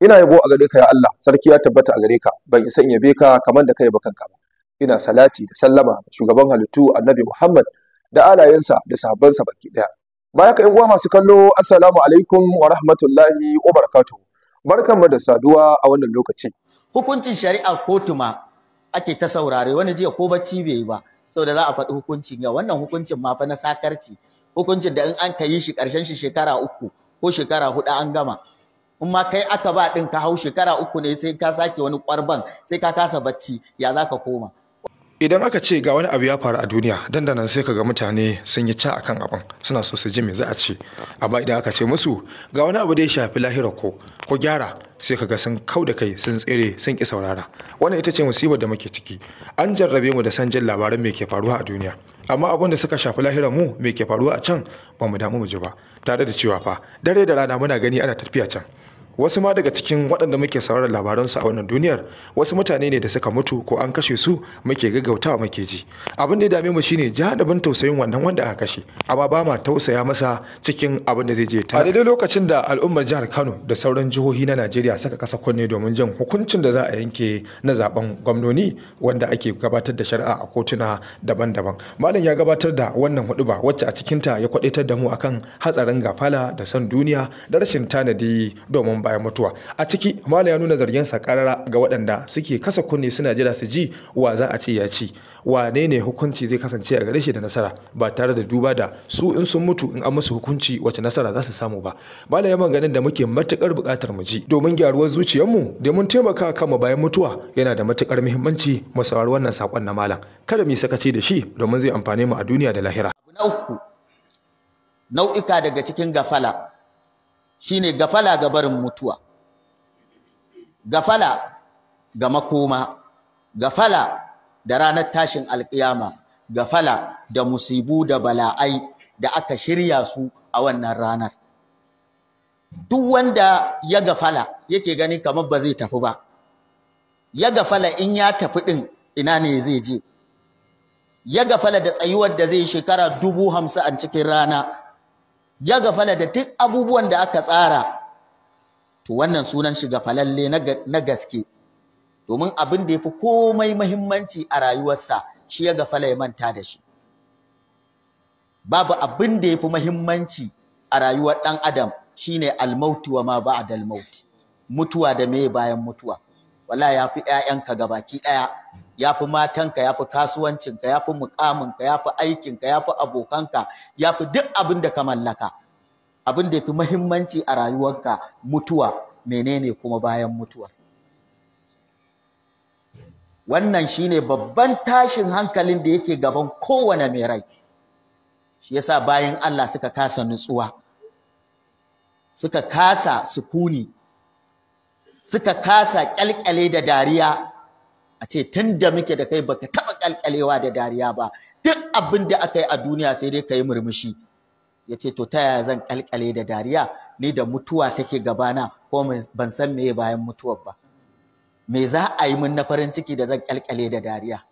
ina yabo a gare ka ya Allah sarki ya tabbata a gare ka ban isa in yabe ka kamar da kai ba kanka ba ina salati da sallama shugaban halittu annabi Muhammad da alayensa da sahabbansa baki daya baya ka yan uwa masu kallo assalamu alaikum wa rahmatullahi wa barakatuh barkanmu da saduwa a wannan lokaci hukuncin shari'a kotu ma ake ta saurare wani jiya ko bacci bai yi ba saboda za a faɗi hukuncin yau wannan hukuncin ma fa na sakarci hukuncin da in an yi shi ƙarshen shi shekara uku ko shekara huɗu an gama in ma kai aka ba ɗin ka hau shekara uku ne sai ka sake wani ƙwarban sai ka kasa bacci ya za ka koma idan aka ce ga wani abu ya faru a duniya dandanan sai ka ga mutane sun yi ca akan abin suna so su ji me za a ce amma idan aka ce musu ga wani abu da ya shafi lahira ko ko gyara sai ka ga sun kau da kai sun tsere sun ki saurara wannan ita ce musibar da muke ciki an jarrabe mu da san jin labaran me ke faruwa a duniya amma abin da suka shafi lahirar mu me ke faruwa a can ba mu damu mu ji ba tare da cewa fa dare da rana muna gani ana tafiya can wasu ma daga cikin waɗanda muke sauraron labaransu a wannan duniyar wasu mutane ne da suka mutu ko an kashe su muke gaggautawa muke ji abin da ya dame mu shine jihadabin tausayin wannan wanda aka kashe amma ba ma tausaya masa cikin abin da zai je ta a lokacin da al'ummar jihar Kano da sauran jihohi na Najeriya suka kasa kunne domin jin hukuncin da za a yanke na zaben gwamnoni wanda ake gabatar da shari'a a kotuna daban-daban malam ya gabatar da wannan huduba wacce a cikinta ya kwadaitar da mu akan hatsarin gafala da son duniya da rashin tanadi domin ba bayan mutuwa a ciki mala ya nuna zargin sa karara ga waɗanda suke kasa kunne suna jira su ji wa za a ce ya ci wane ne hukunci zai kasance a gare shi da nasara ba tare da duba da su in sun mutu in an musu hukunci wace nasara za su samu ba mala ya ganin da muke matukar buƙatar mu ji domin gyaruwar zuciyarmu da domin taimaka kama bayan mutuwa yana da matukar muhimmanci mu saurari wannan sakon na malam kada mu sakaci da shi domin zai amfane mu a duniya da lahira na uku nau'ika daga cikin gafala shine gafala ga barin mutuwa gafala ga makoma gafala da ranar tashin alkiyama gafala da musibu da bala'ai da aka shirya su a wannan ranar duk wanda ya gafala yake gani kamar ba zai tafi ba ya gafala in ya tafi din ina ne zai je ya gafala da tsayuwar da zai shekara dubu hamsin a cikin rana ya gafala da duk abubuwan da aka tsara to wannan sunan shi falalle na gaske domin abin da yafi komai muhimmanci a rayuwarsa shi ya gafala ya manta da shi babu abin da yafi muhimmanci a rayuwar dan adam shine al-maut wa ma ba'da al-maut mutuwa da me bayan mutuwa wallahi yafi ƴaƴanka gabaki ɗaya. ya fi matanka ya fi kasuwancinka ya fi mukaminka ya fi aikinka ya fi abokanka ya fi duk abin da ka mallaka abin da ya fi mahimmanci a rayuwarka mutuwa menene kuma bayan mutuwar wannan shine babban tashin hankalin da yake gaban kowane mai rai shi yasa bayan Allah suka kasa nutsuwa suka kasa sukuni suka kasa kyalkyale da dariya a ce tun da muke da kai baka taɓa kalkalewa da dariya ba duk abin da aka yi a duniya sai dai ka yi murmushi ya ce to ta yaya zan kalkale da dariya ni da mutuwa take gabana ko ban san me bayan mutuwar ba me za a yi min na farin ciki da zan ƙalƙale da dariya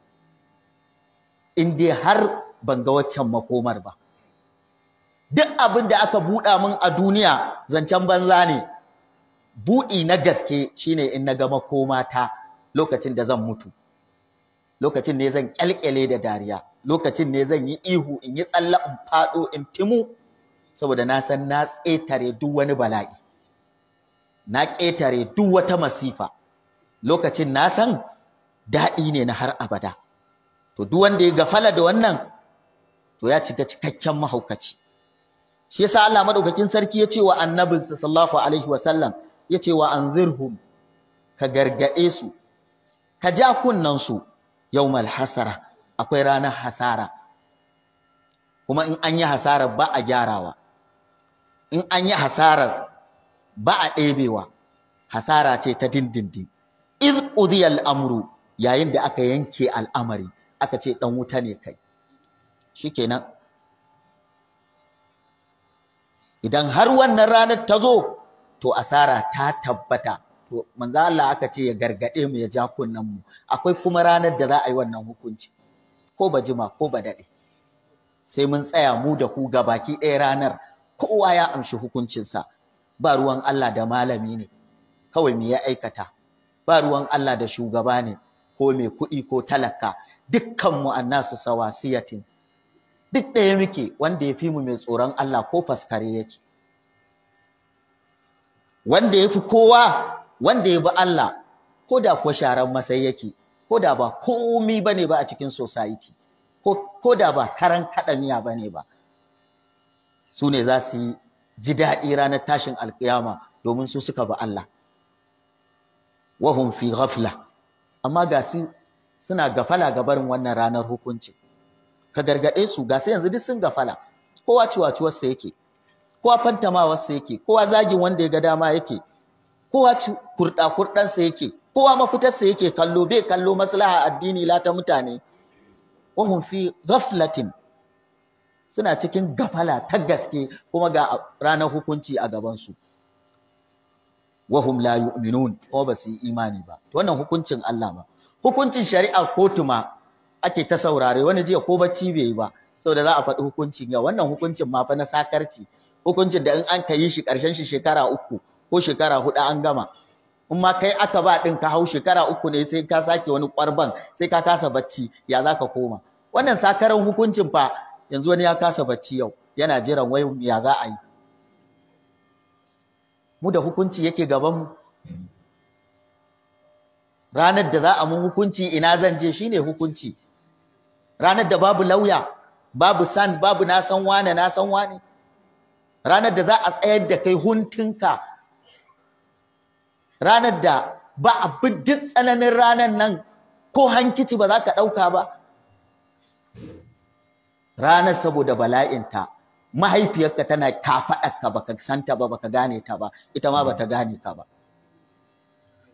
in dai har ban ga waccan makomar ba duk abin da aka buɗa mun a duniya zancen banza ne buɗi na gaske shine in na ga ta lokacin da zan mutu lokacin ne zan kyalkyale da dariya lokacin ne zan yi ihu in yi tsalla in faɗo in timu saboda na san na tsetare duk wani bala'i na ƙetare duk wata masifa lokacin na san daɗi ne na har abada to duk wanda ya gafala da wannan to ya cika cikakken mahaukaci shi yasa Allah madaukakin sarki ya ce wa annabinsa sallallahu alaihi wasallam ya ce wa anzirhum ka gargaɗe su ka ja kunnansu yau malhasara. akwai ranar hasara kuma in an yi hasarar ba a gyarawa in an yi hasarar ba a ɗebewa hasara ce ta dindindin iz qudiya al'amru yayin da aka yanke al'amari aka ce ɗan wuta ne kai shi shikenan idan har wannan ranar ta zo to asara ta tabbata to manzo Allah aka ce ya gargade mu ya ja kunnan mu akwai kuma ranar da za a yi wannan hukunci ko ba jima ko ba dade sai mun tsaya mu da ku gabaki ɗaya ranar kowa ya amshi hukuncinsa ba ruwan Allah da malami ne kawai me ya aikata ba ruwan Allah da shugaba ne ko mai kuɗi ko talaka dukkan mu annasu sawasiyatin duk ɗaya muke wanda ya fi mu mai tsoron Allah ko faskare yake wanda ya fi kowa wanda ya bi Allah ko da ko sharan masai yake ko da ba komi ba ne ba a cikin society ko da ba karan kadamiya ne ba su ne za su yi ji daɗi ranar tashin alƙiyama domin su suka bi Allah wahun fi ghafla amma ga su suna gafala ga barin wannan ranar hukunci ka gargaɗe su ga su yanzu duk sun gafala kowa ciwaciwarsa yake kowa fantamawarsa yake kowa zagin wanda ya ga dama yake kowa kurɗa kurɗansa yake kowa mafitarsa yake kallo bai kallo maslaha addini la ta mutane wahum fi ghaflatin suna cikin gafala ta gaske kuma ga ranar hukunci a gabansu wahum la yu'minun kuma ba su yi imani ba To wannan hukuncin Allah ba hukuncin shari'a kotu ma ake ta saurare wani jiya ko bacci bai yi ba saboda za a faɗi hukuncin ga wannan hukuncin ma fa na sakarci hukuncin da in an yi shi ƙarshen shi shekara uku ko shekara hudu an gama in ma kai aka ba ɗin ka hau shekara uku ne sai ka sake wani ƙwarban sai ka kasa bacci ya za ka koma wannan sakaran hukuncin fa yanzu wani ya kasa bacci yau yana jiran wai ya za a yi mu da hukunci yake gaban mu ranar da za a mun hukunci ina zan je shi ne hukunci ranar da babu lauya babu san babu na san wane na san wane ranar da za a tsayar da kai huntunka ranar da ba abin duk tsananin ranar nan ko hankici ba za ka ɗauka ba ranar saboda bala'inta mahaifiyarka tana kafaɗarka baka santa ba ba ka gane ta ba ita ma ba ta gane ka ba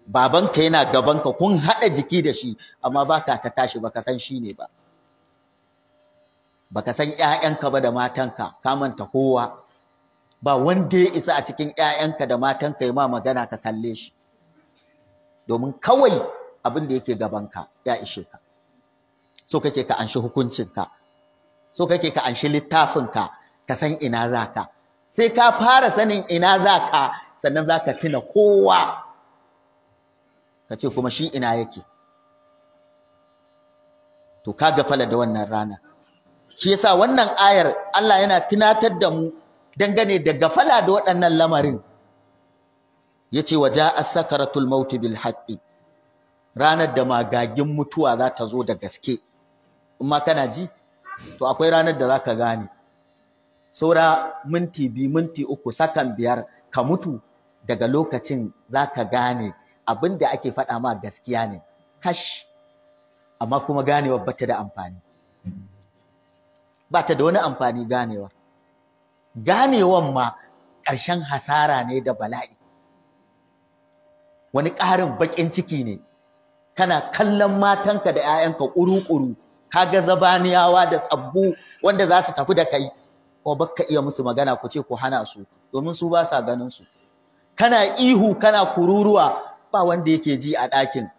babanka yana gabanka kun haɗa jiki da shi amma ba ka ta tashi ba ka san shi ne ba Ba ka san 'ya'yanka ba da matanka ka manta kowa ba wanda ya isa a cikin 'ya'yanka da matanka ya ma magana ka kalle shi domin kawai abin da yake gabanka ya ishe ka so kake ka anshi hukuncinka so kake ka anshi littafinka ka san ina za ka sai ka fara sanin ina za ka sannan za ka tuna kowa ka ce kuma shi ina yake to ka gafala da wannan rana shi yasa wannan ayar Allah yana tunatar da mu dangane da gafala da waɗannan lamarin yace waja'a sakaratul maut bil haqqi ranar da magagin mutuwa za ta zo da gaske in ma kana ji to akwai ranar da za ka gane saura minti biyu minti uku sakan biyar ka mutu daga lokacin zaka gane abinda da ake faɗa ma gaskiya ne kash amma kuma ganewar bata da amfani bata da wani amfani ganewar ganewan ma ƙarshen hasara ne da bala'i wani ƙarin baƙin ciki ne kana kallon matanka da 'ya'yanka ƙuru-ƙuru kaga zabaniyawa da tsabbu wanda za su tafi da kai ko baka iya musu magana ku ce ku hana su domin su ba sa ganin su kana ihu kana kururuwa ba wanda yake ji a ɗakin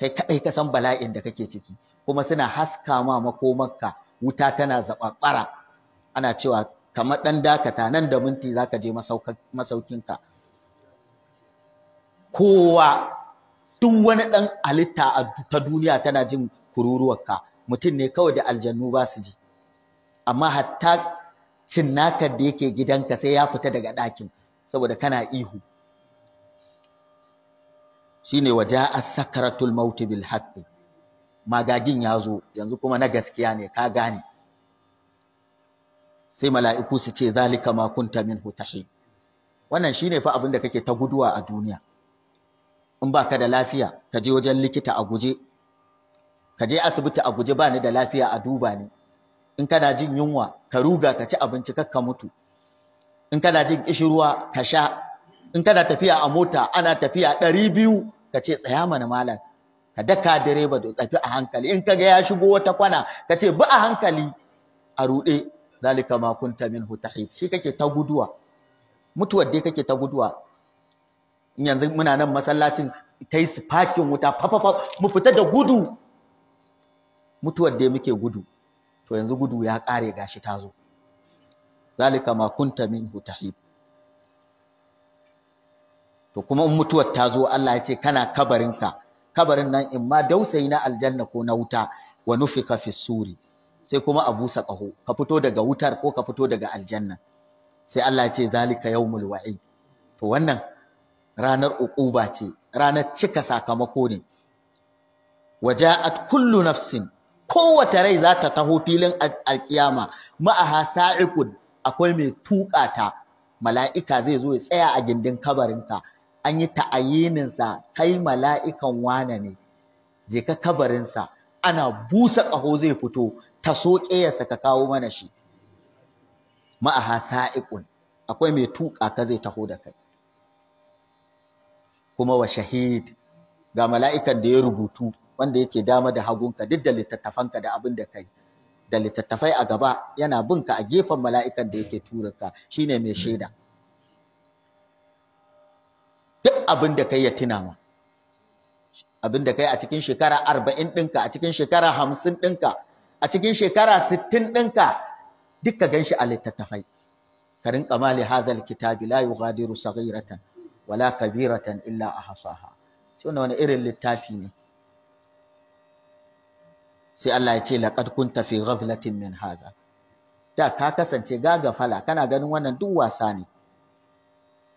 kai kaɗai kasan bala'in da kake ciki kuma suna haska ma makomarka wuta tana zaɓaɓɓara ana cewa kamar ɗan dakata nan da minti za ka je ka. kowa duk wani ɗan halitta ta duniya tana jin kururuwarka mutum ne kawai da aljannu ba su ji amma hatta cinnakar da yake gidanka sai ya fita daga ɗakin saboda kana ihu shine a sakaratul mauti bil haqqi magagin ya zo yanzu kuma na gaskiya ne ka gane sai mala'iku su ce zalika ma kunta minhu tahid wannan shine fa abin da kake ta guduwa a duniya in baka da lafiya ka je wajen likita a guje ka je asibiti a guje bani da lafiya a duba ni in kana jin yunwa ka ruga ka ci abinci kar ka mutu in kana jin kishirwa ka sha in kana tafiya a mota ana tafiya ɗari biyu ka ce tsaya mana malam ka daka direba da tafi a hankali in kaga ya shigo wata kwana ka ce bi a hankali a ruɗe zalika ma kunta minhu tahid shi kake ta guduwa mutuwar dai kake ta guduwa yanzu muna nan masallacin ta yi sifakin wuta fafafa mu fita da gudu mutuwar dai muke gudu to yanzu gudu ya kare gashi ta zo zalika ma kunta min tahid to kuma in mutuwar ta zo Allah ya ce kana kabarinka kabarin nan in ma dausayi na aljanna ko na wuta wa nufika fi suri sai kuma a busa ƙaho ka fito daga wutar ko ka fito daga aljanna sai Allah ya ce zalika yawmul wa'id to wannan ranar uquba ce ranar cika sakamako ne waja'at kullu nafsin kowace rai za ta taho filin alkiyama ma'aha sa'iqun akwai mai tuƙa ta mala'ika zai zo ya tsaya a gindin kabarinka an yi ta'ayininsa kai mala'ikan wane ne je ka kabarinsa ana busa ƙaho zai fito Ta so ƙeyarsa ka kawo mana shi ma'aha sa'iqun akwai mai tuƙa ka zai taho da kai kuma wa shahid ga mala'ikan da ya rubutu wanda yake dama da hagunka duk da littattafanka da abin da kai da littattafai a gaba yana binka a gefen mala'ikan da yake tura shi shine mai shaida duk abin da kai ya tuna ma abin da kai a cikin shekara arba'in ɗinka a cikin shekara hamsin ɗinka a cikin shekara 60 ɗinka duk ka ganshi a littattafai ka rinka mali hadhal kitabi la yughadiru saghiratan wala kabiratan illa ahsaha shi wannan wani irin littafi ne sai Allah ya ce laqad kunta fi ghaflatin min hadha da ka kasance gagafala kana ganin wannan duk wasa ne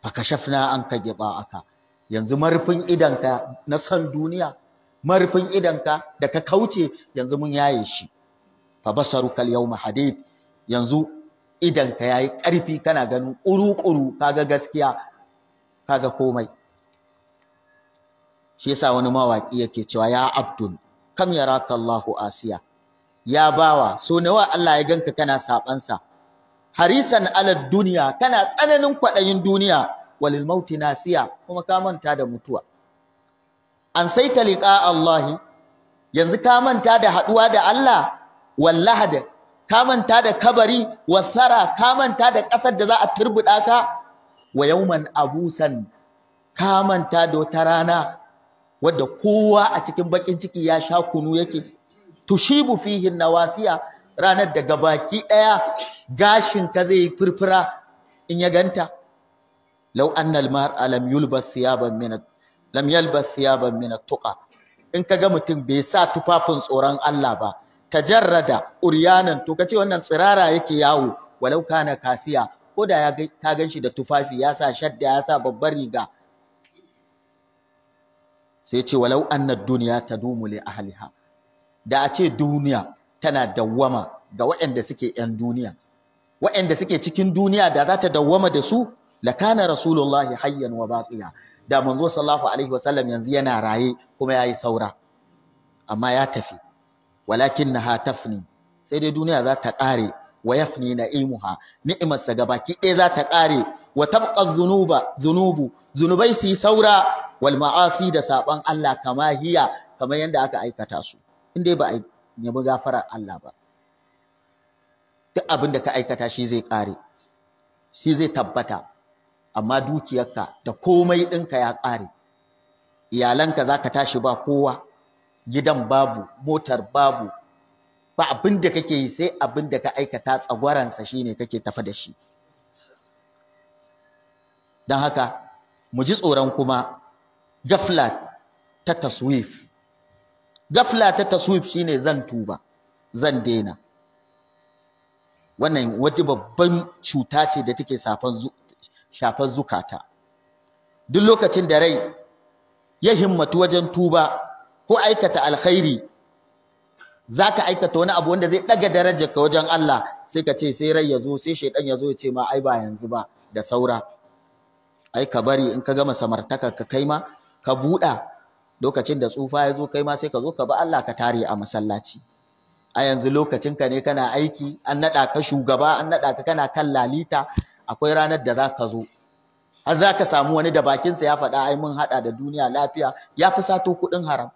fa kashafna anka aka. yanzu marfin idanka na san duniya marfin idanka da ka kauce yanzu mun yaye shi fa basaruka al-yawma hadid yanzu idanka yayi ƙarfi kana ganin ƙuru-ƙuru kuru kaga gaskiya kaga komai shi yasa wani mawaki yake cewa ya abdul kam yaraka Allahu asiya ya bawa so nawa Allah ya ganka kana saban sa harisan ala duniya kana tsananin kwaɗayin duniya walil mauti nasiya kuma ka manta da mutuwa an saita liqa Allahi? yanzu ka manta da haduwa da Allah wallahad ka manta da kabari wasara ka manta da ƙasar da za a turbuɗa ka wa yawman abusan ka manta da wata rana wadda kowa a cikin bakin ciki ya sha kunu yake tushibu fihi nawasiya ranar daga baki daya gashin ka zai furfura in ya ganta law anna al-mar'a lam yulbas thiyaban min lam yalbas thiyaban min at-tuqa in kaga mutum bai sa tufafin tsoron Allah ba tajarrada uryanan to kace wannan tsirara yake yawo walau kana kasiya ko da ta ka ganshi da tufafi ya sa shadda ya sa babbar riga sai ce walau anna dunya tadumu li ahliha da a ce duniya tana dawwama ga waɗanda suke ƴan duniya waɗanda suke cikin duniya da za ta dawwama da su lakana rasulullahi hayyan wa baqiya da manzo sallallahu alaihi wasallam yanzu yana raye kuma yayi saura amma ya tafi walakin na tafni sai dai duniya za ta ƙare wa yafni sa ni'imarsa baki ɗaya za ta ƙare wa tabqa dhunuba dhunubu zunubai su saura wal ma'asi da saban Allah kama hiya kamar yadda aka aikata su in dai ba a nemi gafarar Allah ba duk abin da ka aikata shi zai ƙare shi zai tabbata amma dukiyarka da komai ɗinka ya ƙare iyalanka za ka tashi ba kowa gidan babu motar babu ba abin da kake yi sai abin da ka aikata tsagwaransa shine kake tafa da shi don haka mu ji tsoron kuma gafla ta taswif gafla ta taswif shine zan tuba zan daina wannan wata babban cuta ce da take shafar zukata duk lokacin da rai ya himmatu wajen tuba ko aikata alkhairi zaka aikata wani abu wanda zai daga darajarka wajen Allah sai ka ce sai rai ya zo sai shaidan ya zo ya ce ma ai ba yanzu ba da saura ai ka bari in ka gama samartaka ka kai ma ka buɗa lokacin da tsufa ya zo kai ma sai ka zo ka ba Allah ka tare a masallaci a yanzu lokacin ka ne kana aiki an naɗa ka shugaba an naɗa ka kana kan lalita akwai ranar da za ka zo har za ka samu wani da bakinsa ya faɗa ai mun haɗa da duniya lafiya ya fi sato kuɗin haram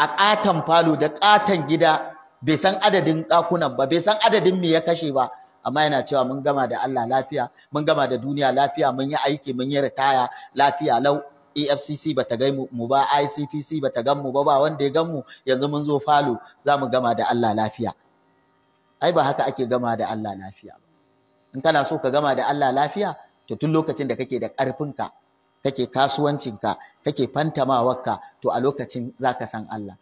a ƙaton falo da ƙaton gida bai san adadin ɗakunan ba bai san adadin me ya kashe ba amma yana cewa mun gama da Allah lafiya mun gama da duniya lafiya mun yi aiki mun yi ritaya lafiya lau EFCC ba ta gai mu ba ICPC ba ta gan mu ba ba wanda ya gan mu yanzu mun zo falo za mu gama da Allah lafiya ai ba haka ake gama da Allah lafiya in kana so ka gama da Allah lafiya to tun lokacin da kake da ƙarfinka kake kasuwancinka kake fantamawarka to a lokacin zaka san Allah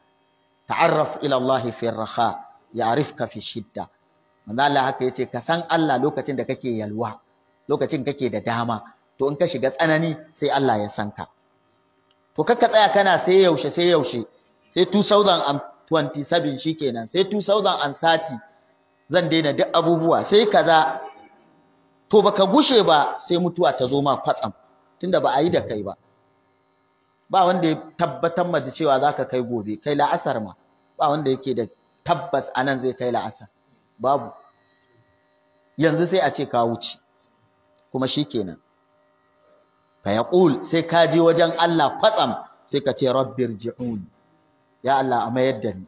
ta'arraf ila Allah fi raha ya'rifka fi shidda manzo Allah haka yace ka san Allah lokacin da kake yalwa lokacin kake da dama to in ka shiga tsanani sai Allah ya san ka to kakka tsaya kana sai yaushe sai yaushe sai 2027 shikenan sai 2030 zan daina duk abubuwa sai kaza to baka gushe ba sai mutuwa ta zo ma kwatsam tunda ba a yi da kai ba ba wanda ya tabbatar ma da cewa za ka kai gobe kai la'asar ma ba wanda yake da tabbas a nan zai kai la'asar babu yanzu sai a ce ka wuce kuma shi kenan fa sai ka je wajen Allah kwatsam sai ka ce ji'un ya Allah a mayar da ni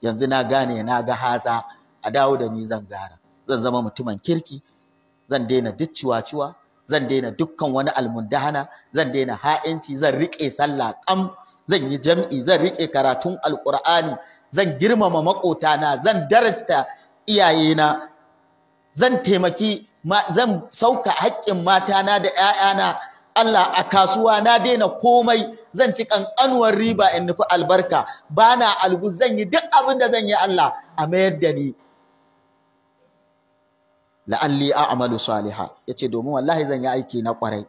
yanzu na gane na ga haza a dawo da ni zan gara zan zama mutumin kirki zan daina duk ciwa-ciwa zan daina dukkan wani almundahana zan daina ha'inci zan riƙe sallah kam zan yi jam'i zan rike karatun alqur'ani zan girmama maƙotana zan darajta iyayena zan taimaki zan sauka haƙƙin matana da ƴaƴana Allah a kasuwa na daina komai zan ci kankanuwar riba in nufi albarka bana algu zan yi duk abin da zan yi Allah a mayar da ni la'alli a'malu saliha yace domin wallahi zan yi aiki na kwarai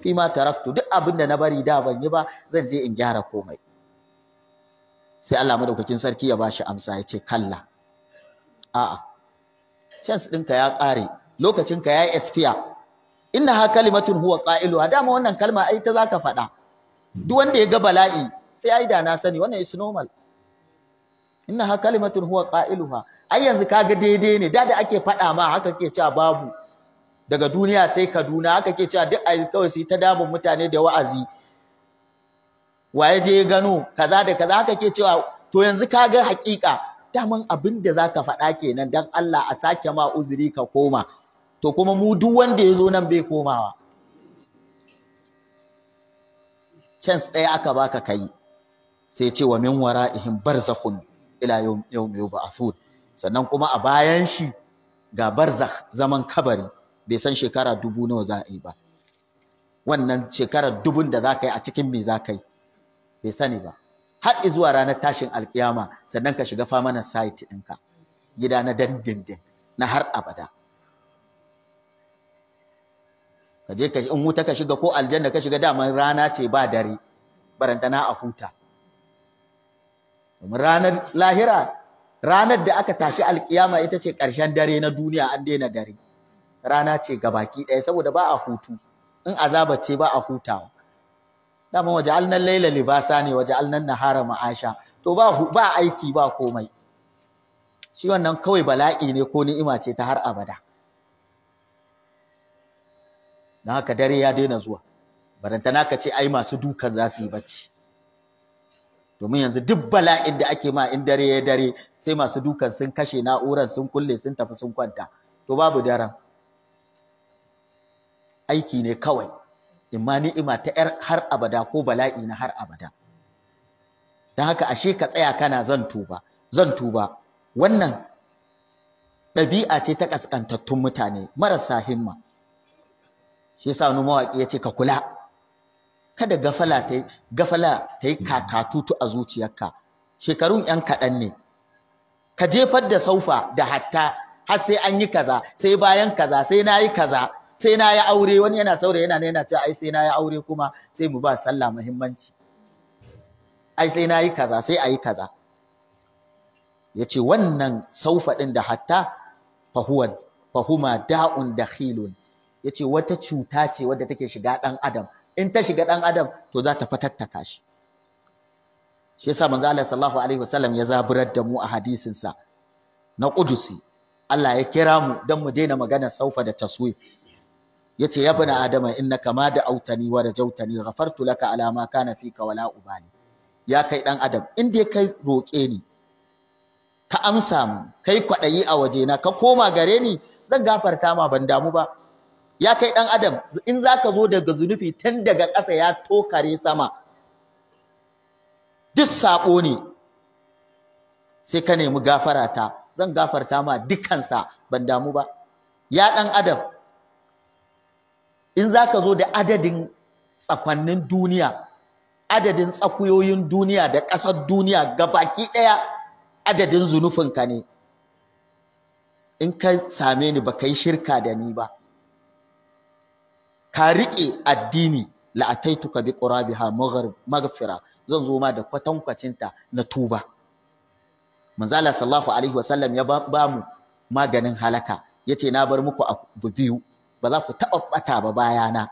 fi ma taraktu duk abin da na bari da ban yi ba zan je in gyara komai sai Allah madaukakin sarki ya bashi amsa ya ce kalla a'a chance ɗinka ya lokacin lokacinka ya expire inna ha kalimatun huwa qailuha dama wannan kalma ai ta zaka faɗa duk wanda ya ga bala'i sai ai da na sani wannan is normal inna ha kalimatun huwa qailuha ai yanzu kaga daidai ne da da ake faɗa ma haka ke cewa babu daga duniya sai Kaduna haka ke cewa duk ai kawai sai ta damun mutane da wa'azi waye je gano kaza da kaza haka ke cewa to yanzu kaga hakika daman abin da zaka faɗa kenan dan Allah a sake ma uzuri ka koma to kuma mu duk wanda ya zo nan bai komawa chance ɗaya aka baka kai sai ce wa min wara'ihim barzakhun ila yawm yawm yub'athun sannan kuma a bayan shi ga barzakh zaman kabari bai san shekara dubu nawa za a yi ba wannan shekarar dubun da za ka yi a cikin me za ka yi bai sani ba har zuwa ranar tashin alkiyama sannan ka shiga famanan site ɗinka gida na dandindin na har abada ka je ka in wuta ka shiga ko aljanna ka shiga dama rana ce ba dare barantana a huta domin ranar lahira ranar da aka tashi alkiyama ita ce ƙarshen dare na duniya an daina dare rana ce ga baki ɗaya saboda ba a hutu in azaba ce ba a hutawa dama waje alnan laila libasa ne waje alnan nahara ma'asha to ba ba aiki ba komai shi wannan kawai bala'i ne ko ni'ima ce ta har abada Na haka dare ya daina zuwa barantana ka ce ai masu dukan za su yi bacci domin yanzu duk bala'in da ake ma in dare ya dare sai masu dukan sun kashe na'urar sun kulle sun tafi sun kwanta to babu daren aiki ne kawai imma ni'ima ta yar har abada ko bala'i na har abada don haka ashe ka tsaya kana zan tuba zan tuba wannan ɗabi'a ce ta ƙasƙantattun mutane marasa himma shi sa wani mawaƙi ya ce ka kula kada gafala ta yi gafala ta yi kakatutu a zuciyarka shekarun yan kaɗan ne ka jefar da saufa da hatta har sai an yi kaza sai bayan kaza sai na yi kaza sai na yi aure wani yana saurayi yana yana cewa ai sai na yi aure kuma sai mu ba sallah muhimmanci ai sai na yi kaza sai a kaza ya ce wannan saufa ɗin da hatta fahuwan fahuma da'un dakhilun ya ce wata cuta ce wadda take shiga ɗan adam in ta shiga ɗan adam to za ta fatattaka shi shi yasa manzo Allah sallallahu alaihi wasallam ya zaburar da mu a hadisin sa na qudusi Allah ya kira mu dan mu daina magana saufa da taswif yace ya bani adama innaka ma da autani wa da jautani ghafartu laka ala ma kana fika wala ubani ya kai dan adam in dai kai roke ni ka amsa mu kai kwadayi a waje na ka koma gare ni zan gafarta ma ban damu ba ya kai dan adam in zaka zo daga zunufi tun daga ƙasa ya tokare sama duk sako ne sai ka nemi gafara ta zan gafarta ma dukansa ban damu ba ya dan adam in zaka zo da adadin tsakannin duniya adadin tsakuyoyin duniya da ƙasar duniya gabaki ɗaya adadin zunufin ka ne in ka same ni baka yi shirka da ni ba ka riƙe addini ka bi qurabiha maghfira zan zo ma da kwatankwacinta na tuba manzala sallallahu alaihi wasallam ya ba mu maganin halaka yace na bar muku abu biyu ba za ku taɓa ɓata ba bayana